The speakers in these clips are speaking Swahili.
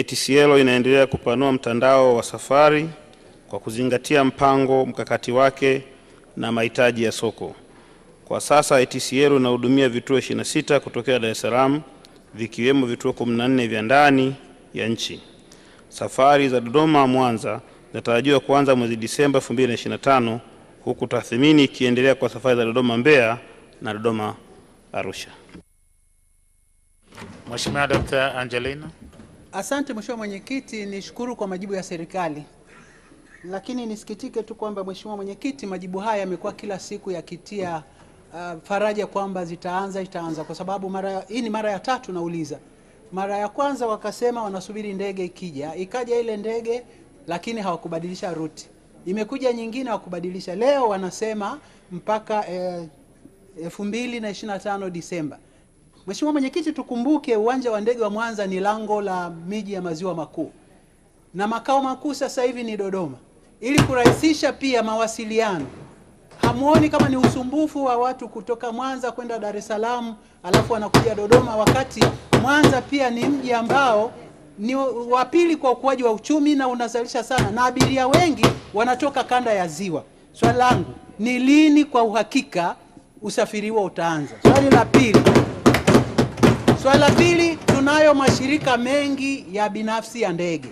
ATCL inaendelea kupanua mtandao wa safari kwa kuzingatia mpango mkakati wake na mahitaji ya soko. Kwa sasa ATCL inahudumia vituo 26 kutokea Dar es Salaam vikiwemo vituo 14 vya ndani ya nchi. Safari za Dodoma Mwanza zinatarajiwa kuanza mwezi Disemba 2025 huku tathmini ikiendelea kwa safari za Dodoma Mbeya na Dodoma Arusha. Mheshimiwa Dr. Angelina Asante Mheshimiwa Mwenyekiti, nishukuru kwa majibu ya serikali, lakini nisikitike tu kwamba Mheshimiwa Mwenyekiti, majibu haya yamekuwa kila siku yakitia uh, faraja kwamba zitaanza itaanza, kwa sababu mara hii ni mara ya tatu nauliza. Mara ya kwanza wakasema wanasubiri ndege ikija, ikaja ile ndege, lakini hawakubadilisha ruti. Imekuja nyingine hawakubadilisha. Leo wanasema mpaka eh, elfu mbili na ishirini na tano Disemba. Mheshimiwa Mwenyekiti, tukumbuke uwanja wa ndege wa Mwanza ni lango la miji ya maziwa makuu na makao makuu sasa hivi ni Dodoma, ili kurahisisha pia mawasiliano. Hamuoni kama ni usumbufu wa watu kutoka Mwanza kwenda Dar es Salaam alafu wanakuja Dodoma, wakati Mwanza pia ni mji ambao ni wa pili kwa ukuaji wa uchumi na unazalisha sana, na abiria wengi wanatoka kanda ya Ziwa. Swali langu ni lini kwa uhakika usafiri huo utaanza? Swali la pili Swala pili, tunayo mashirika mengi ya binafsi ya ndege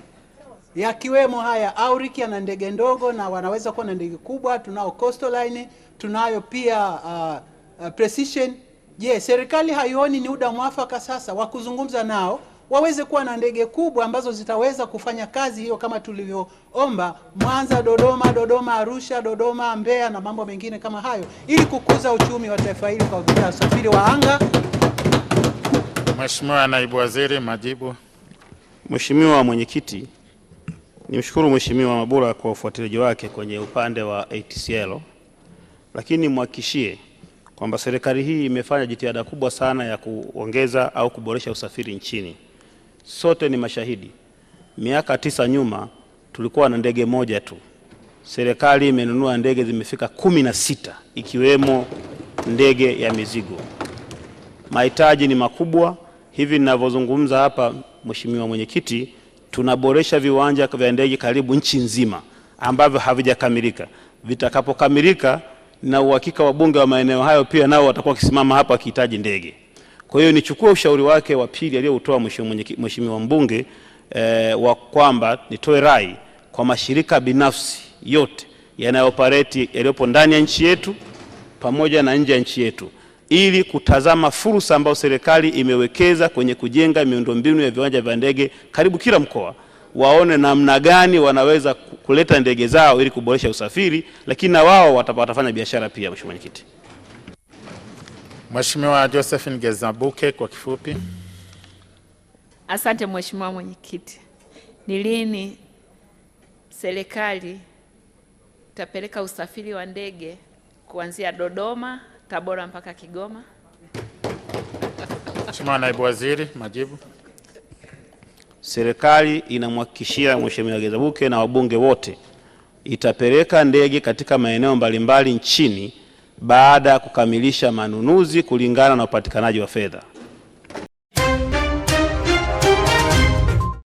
yakiwemo haya Auric yana ndege ndogo na wanaweza kuwa na ndege kubwa. Tunao Coastal Line, tunayo pia uh, uh, Precision. Je, yes, serikali haioni ni muda mwafaka sasa wa kuzungumza nao waweze kuwa na ndege kubwa ambazo zitaweza kufanya kazi hiyo kama tulivyoomba, Mwanza, Dodoma, Dodoma, Arusha, Dodoma, Mbeya na mambo mengine kama hayo, ili kukuza uchumi wa taifa hili kwa usafiri wa anga. Mheshimiwa Naibu Waziri, majibu. Mheshimiwa Mwenyekiti, nimshukuru Mheshimiwa Mabula kwa ufuatiliaji wake kwenye upande wa ATCL, lakini nimhakikishie kwamba serikali hii imefanya jitihada kubwa sana ya kuongeza au kuboresha usafiri nchini. Sote ni mashahidi, miaka tisa nyuma tulikuwa na ndege moja tu. Serikali imenunua ndege zimefika kumi na sita ikiwemo ndege ya mizigo. Mahitaji ni makubwa. Hivi ninavyozungumza hapa, Mheshimiwa Mwenyekiti, tunaboresha viwanja vya ndege karibu nchi nzima ambavyo havijakamilika. Vitakapokamilika, na uhakika wa bunge wa maeneo hayo pia nao watakuwa wakisimama hapa wakihitaji ndege. Kwa hiyo nichukue ushauri wake wa pili aliyoutoa Mheshimiwa mbunge eh, wa kwamba nitoe rai kwa mashirika binafsi yote yanayopareti yaliyopo ndani ya nchi yetu pamoja na nje ya nchi yetu ili kutazama fursa ambayo serikali imewekeza kwenye kujenga miundombinu ya viwanja vya ndege karibu kila mkoa, waone namna gani wanaweza kuleta ndege zao ili kuboresha usafiri, lakini na wao watafanya biashara pia. Mheshimiwa Mwenyekiti. Mheshimiwa Josephine Gezabuke kwa kifupi. Asante Mheshimiwa Mwenyekiti. Ni lini serikali itapeleka usafiri wa ndege kuanzia Dodoma Tabora mpaka Kigoma. Mheshimiwa Naibu Waziri, majibu. Serikali inamhakikishia Mheshimiwa Gezabuke na wabunge wote itapeleka ndege katika maeneo mbalimbali nchini baada ya kukamilisha manunuzi kulingana na upatikanaji wa fedha.